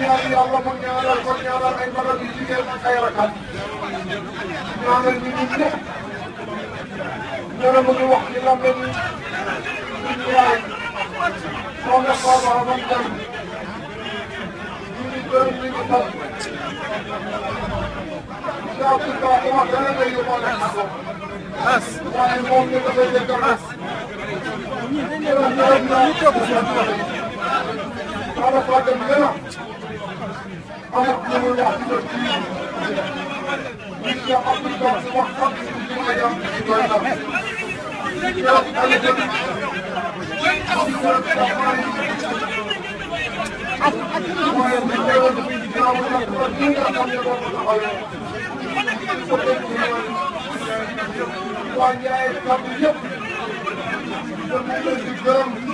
ñaan yàlla mu ñaanal ko ñaanal ay magam yu jigéen ak ay rakam ñaanal ñu ñun ñëpp ñu ne mu ngi wax ci lambe ni ñu yaay soxna Faba Amal Kan ñu ngi gërëm ñu ngi sant saa su ko wax dana lay yóbbaale ak ko waaye moom ñu dafay dégg as ñu gërëm ñu toog si Faba Fadam gën a Ama bunu yapıyor. Biz yapamadık. Bakmak için bir adam Thank you.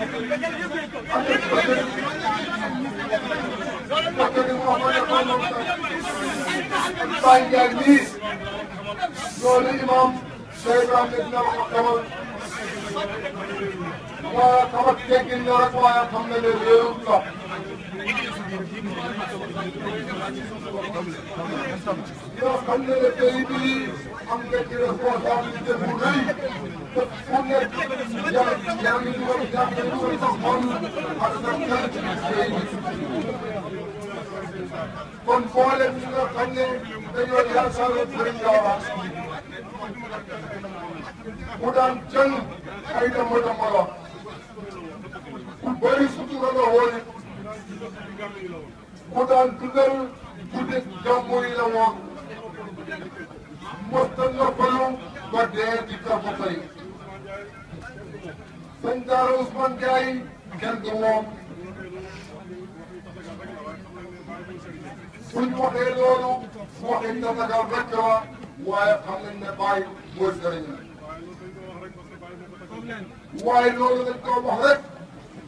Baye Ndiaye nii loolu imam Seydou Amady dina la ko xamal xam ak teggin la rek waaye xam na ne réewum ndox yoo xam ne ne tey bii am nga ci responsabilité bu rëy te fu nekk yaa ngi dugal jàppe dugal sa xol ak sa xel ci liggéey bi kon boole ñi nga xam ne dañoo yaakaar ne bëri ngaa wax bu daan jël ay dama dama la ku bëri sutura la woon it ku daan dundal guddi jàmbur yi la woon mos na noppalu ba dee di kafa tey sëñ Daara Ousmane Ndiaye kenn du moom suñ waxee loolu waxi Tatagal rek la waaye xam nañ ne Baye mooy sëriñ waaye loolu dañ ko wax rek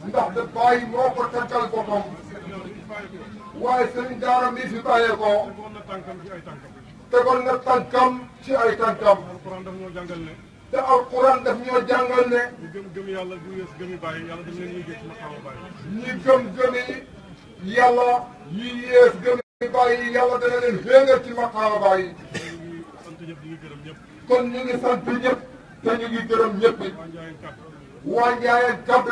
ndax da bàyyi moo ko waaye sëñ daara fi bàyyee ko tegoon na tànkam ci ay tànkam te alquran daf ñoo jàngal ne ñi gëm gëm yàlla bu yées gëmi bàyyi yàlla dañ leen yéegee ci maqaama bàyyi ñi gëm gëmi yàlla yi yées gëmi bàyyi yàlla dana leen xéegal ci maqaama bàyyi kon ñu ngi sant ñëpp te ñu ngi gërëm ñëpp waa njaayeen kàddu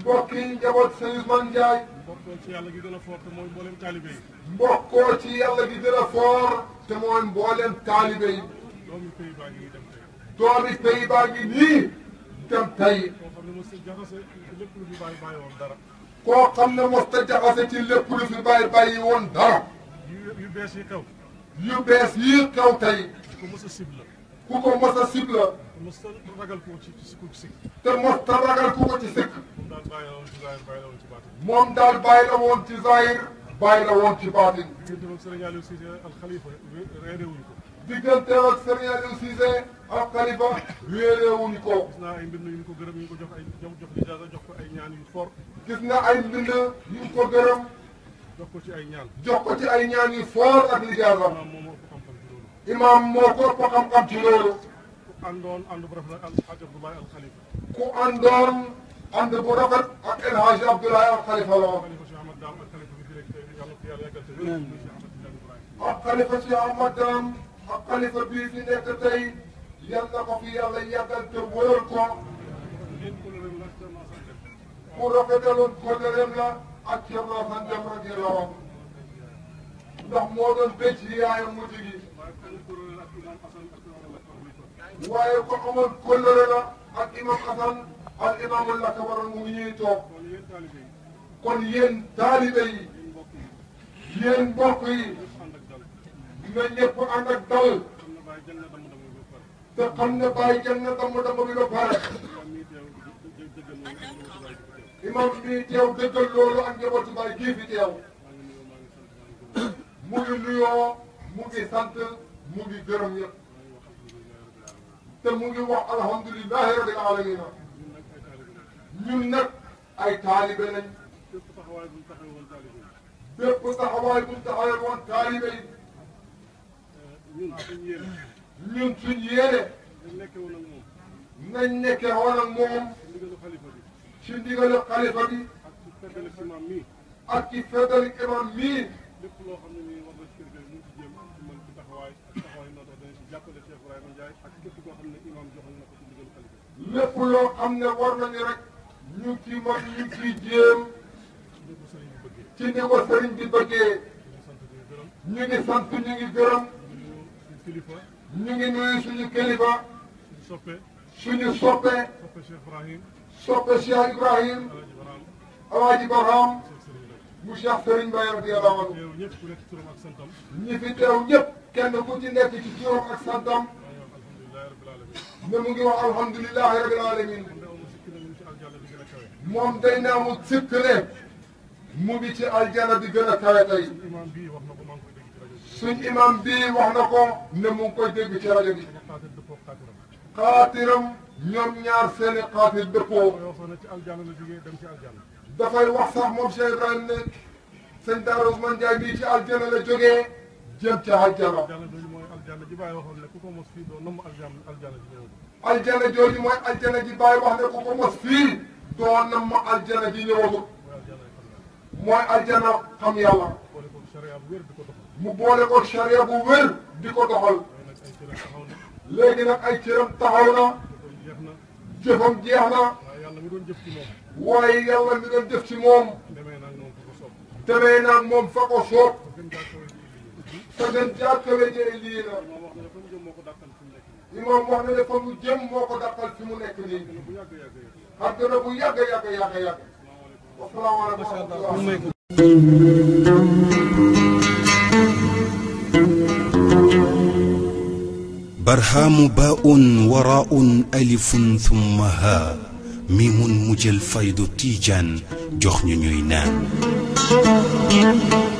mbokk yi njaboot sëñ Ousmane Ndiaye. mbokkoo ci yàlla gi gën a fort te mooy mboolem taalibe yi. mbokkoo ci yàlla gi gën a fort te mooy mboolem taalibe yi. doomi pays baa ngi dem tey. doomi pays baa ngi nii dem tey. koo xam ne mos a jaxase ci lépp lu fi bàyyi bàyyi woon dara. koo xam ne mos a jaxase ci lépp lu fi bàyyi bàyyi woon dara. yu bees yi xew. yu bees yi xew tey. ku mos a ciblé. ku ko mos a sib la. te mos a ragal ku ko ci sikk. te mos a ragal ku ko ci sikk. moom daal bàyyi la woon ci zahir bàyyi la woon ci baatin. digganteem ak Serigne Aliou Cissé al Khalifa réeréewuñu ko. digganteem ak Serigne Aliou Cissé al Khalifa réeréewuñu ko. gis naa ay mbind yu ñu ko gërëm yu ñu ko jox ay jox jox ijaaza jox ko ay ñaan yu fort. gis na ay mbind yu ñu ko gërëm. jox ko ci ay ñaan. jox ko ci ay ñaan yu fort ak lijaaza. imaam moo ko ëpp xam-xam ci loolu. ku àndoon ànd bu rafet ak El Hadj Abdoulaye Al Khalifa. ku àndoon ànd bu rafet ak El Hadj Abdoulaye Al Khalifa la woon. ak Khalifa si eh, Ahmad Dam ak Khalifa bii fi nekk tey yal na ko fi yàlla yàggal te wóor ko. mu rafetaloon kóllëreem la ak Thierno Sane Deme radiyallaahu anhu ndax moo doon bécc yaayam mujj gi. waaye ko amoon kóllëre la ak imam Xasan al imaamul lakk waroon mu ngi ñuy toog kon yéen taalibe yi yéen mbokk yi dina ñëpp ànd ak dal te xam ne bàyyi jël na damm damm bi ba pare imam mii teew dëggal loolu ak njabootu bàyyi jii fi mu ngi nuyoo mu ngi sant mu ngi gërëm ñëpp te mu ngi wax alhamdulilahi rabbil alamina ñun nag ay taalibe lañ bépp taxawaay bu ñu taxawee woon taalibe yi ñun suñ yéene nañ nekkee woon ak moom ci ndigalu xalifa bi ak ci feddali imam mii ak ci feddali imam mii lépp loo xam ne nii war na ci kër gi mu ngi ci ci ne imaam joxal na ko ci ndigalu xalifa lépp loo xam ne war nañu rek ñu ci mën ñu ci jéem ci ni ko sëriñ bi bëggee ñu ngi sant soppe soppe Cheikh Ibrahim Alaaji Barham bu Cheikh Serigne Baye radiyallahu anhu ñi fi teew ñëpp kenn ku ci nekk ci turam ak santam ne mu ngi wax alhamdulilahi rabbil alamin moom day naa mu sikk ne mu ngi ci aljana bi gën a kawe tey suñ imam bii wax na ko ne mu ngi koy dégg ci rajo bi xaatiram ñoom ñaar seen i xaafis dëppoo. dafay wax sax moom Cheikh Ibrahima ne sëñ Daara Ousmane Ndiaye bii ci aljana la jógee jëm ca aljana. aljana jooju mooy aljana ji bàyyi wax ne ku ko mos fii doo namm aljana ji ñëwagul. mooy aljana xam yàlla. mu boole ko charia bu wér di ko doxal. léegi nag ay cëram taxaw na. جفم جيحنا ويلا يلا مدن جفتي موم تبين عن موم فقو شوق سجن جاك ويجي لينا إمام وحنا لكم جم موكو دقل في مونيك لينا عبد الرب يقى يقى يقى يقى السلام عليكم ورحمة الله وبركاته برهام باء وراء ألف ثم ها ميم مجل فيض تيجان جخن نوينان